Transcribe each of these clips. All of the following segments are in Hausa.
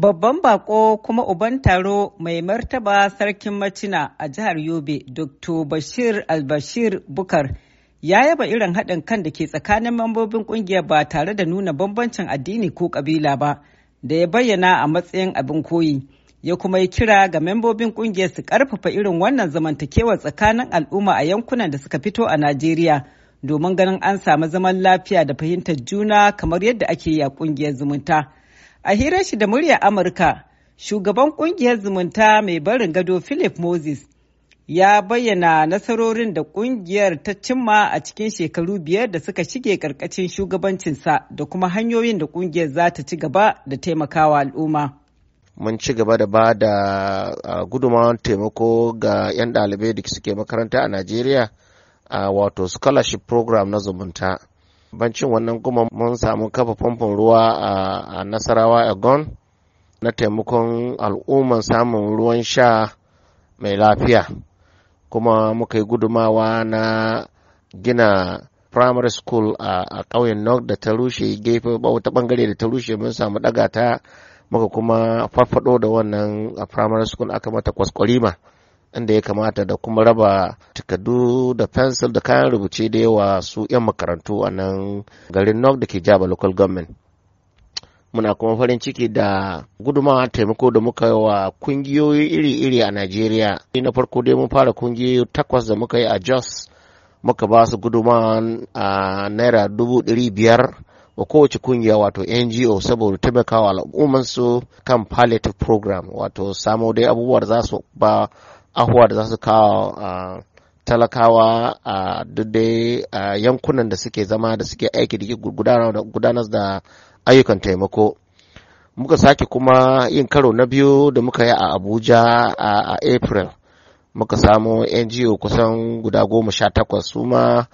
Babban bako kuma uban taro mai martaba sarkin macina a jihar Yobe, Dr. Bashir Albashir Bukar, ya yaba irin haɗin kan da ke tsakanin mambobin ƙungiyar ba tare da nuna bambancin addini ko ƙabila ba, da ya bayyana a matsayin abin koyi. Ya kuma yi kira ga membobin ƙungiyar su ƙarfafa irin wannan zamantakewa tsakanin al'umma a yankunan da suka fito a Najeriya, domin ganin an samu zaman lafiya da fahimtar juna kamar yadda ake yi a ƙungiyar zumunta. A hirar shi da muryar Amurka, shugaban kungiyar zumunta mai barin gado Philip Moses ya bayyana nasarorin da kungiyar ta cimma a cikin shekaru biyar da suka shige karkacin shugabancinsa da kuma hanyoyin da kungiyar za ta ci gaba da taimakawa al'umma. mun ci gaba da ba da gudunmawar taimako ga 'yan ɗalibai da suke makaranta a najeriya a wato scholarship program na zumunta bancin wannan kuma mun samu kafa famfon ruwa a nasarawa a gon na taimakon al'umman samun ruwan sha mai lafiya kuma muka yi gudumawa na gina primary school a ƙauyen north da ta rushe gefe ta bangare da ta rushe mun samu ɗaga ta muka kuma farfado da wannan primary school aka mata kwaskwarima. inda ya kamata da kuma raba takardu da fensil da kayan rubuce da yawa su 'yan makarantu a nan garin nok da ke jaba local government muna kuma farin ciki da gudumawa taimako da muka yi wa kungiyoyi iri-iri a najeriya na farko dai mun fara kungiyoyi takwas da muka yi a jos muka ba su gudumawa a naira dubu ɗari biyar wa kowace kungiya wato ngo saboda taimakawa al'ummansu kan palliative program wato samo dai abubuwa da za su ba ahuwa da za su kawo talakawa a dai yankunan da suke zama da suke aiki da gudanar da ayyukan taimako muka sake kuma yin karo na biyu da muka yi a abuja a april muka samu ngo kusan guda goma sha takwas su ma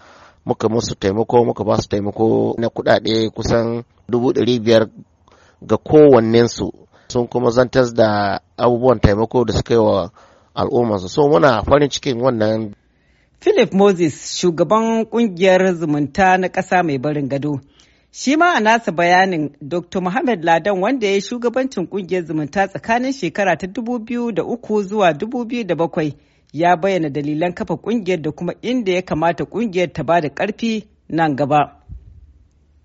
muka musu taimako muka ba su taimako na kudade kusan dubu ɗari biyar ga kowannensu sun kuma zantas da abubuwan taimako da suka yi wa al'ummarsu so muna farin cikin wannan philip moses shugaban kungiyar zumunta na ƙasa mai barin gado shi ma a nasa bayanin dr muhammad ladan wanda ya yi shugabancin kungiyar zumunta tsakanin shekara ta da uku zuwa da bakwai ya bayyana dalilan kafa kungiyar da kuma inda ya kamata kungiyar ta ba da karfi nan gaba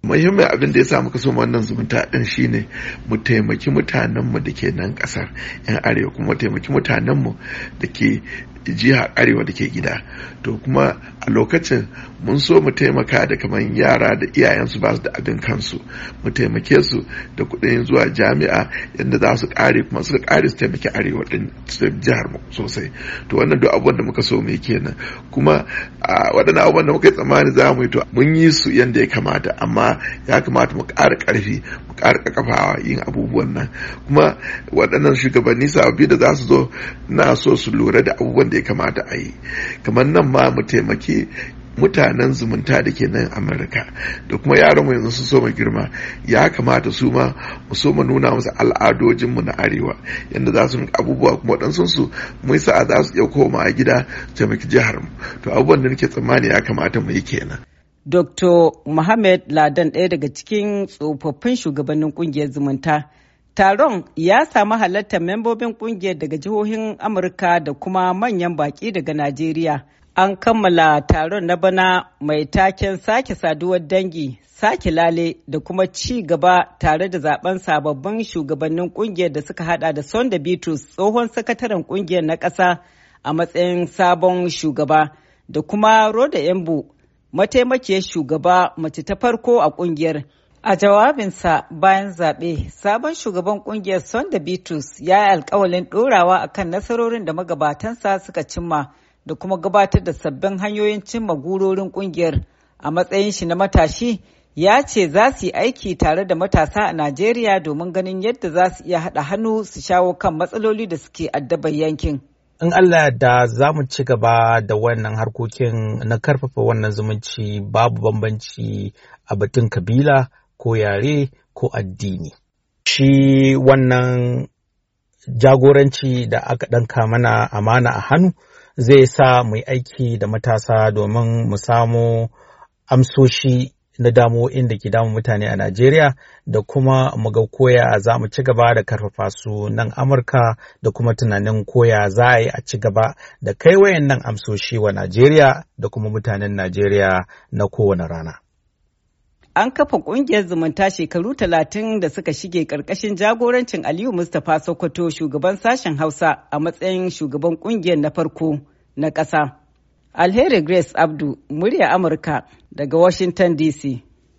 muhimmin abin da ya samu muka so wannan zumunta din shine mu taimaki mutanenmu da ke nan kasar yan arewa kuma taimaki mutanenmu da ke jiha arewa da ke gida to kuma a lokacin mun so mu taimaka da kamar yara da iyayensu ba su da abin kansu mu taimake su da kuɗin zuwa jami'a yadda za su ƙare kuma suka ƙare su taimake arewa din jihar mu sosai to wannan duk abubuwan da muka so mu kenan kuma a waɗannan abubuwan da muka yi tsammani za mu yi to mun yi su yadda ya kamata amma ya kamata mu ƙara ƙarfi karka kafawa yin abubuwan nan kuma waɗannan shugabanni sababi da za su zo na so su lura da abubuwan da ya kamata a yi kamar nan ma mu taimaki mutanen zumunta da ke nan amurka da kuma yaran mu yanzu su so mu girma ya kamata su ma mu so mu nuna musu al'adojin na arewa yadda za su abubuwa kuma waɗansu su mu yi sa'a za su iya koma a gida taimaki jihar mu to abubuwan da nake tsammani ya kamata mu yi kenan Dr. Mohamed Ladan ɗaya daga cikin tsofaffin shugabannin ƙungiyar zumunta. Taron ya samu halartar membobin ƙungiyar daga jihohin Amurka da kuma manyan baƙi daga Najeriya. An kammala taron na bana mai taken sake saduwar dangi, sake lale da kuma ci gaba tare da zaben sababbin shugabannin ƙungiyar da suka hada da Sonda Bitrus tsohon sakataren ƙungiyar na ƙasa a matsayin sabon shugaba da kuma Roda Embu mataimakiyar shugaba mace ta farko a kungiyar. A jawabinsa bayan zaɓe, sabon shugaban kungiyar Sonda Bitrus ya yi alkawalin ɗorawa a kan nasarorin da magabatansa suka cimma da kuma gabatar da sabbin hanyoyin cimma gurorin kungiyar a matsayin shi na matashi ya ce za su yi aiki tare da matasa a Najeriya domin ganin yadda za su iya haɗa hannu su shawo kan matsaloli da suke addabar yankin. in Allah da za mu ci gaba da wannan harkokin na karfafa wannan zumunci babu bambanci a batun kabila ko yare ko addini. Shi wannan jagoranci da aka ɗanka mana amana a hannu zai sa mu yi aiki da matasa domin mu samu amsoshi na damuwo'in inda ke damun mutane a Najeriya da kuma muga koya za mu ci gaba da karfafa su nan Amurka da kuma tunanin koya za a yi a ci gaba da kai wayan nan amsoshi wa Najeriya da kuma mutanen Najeriya na kowane rana. An kafa kungiyar zumunta shekaru talatin da suka shige karkashin jagorancin Aliyu Mustapha Sokoto shugaban sashen Hausa a matsayin shugaban kungiyar na farko na ƙasa. Alheri Grace Abdu, murya Amurka daga Washington DC.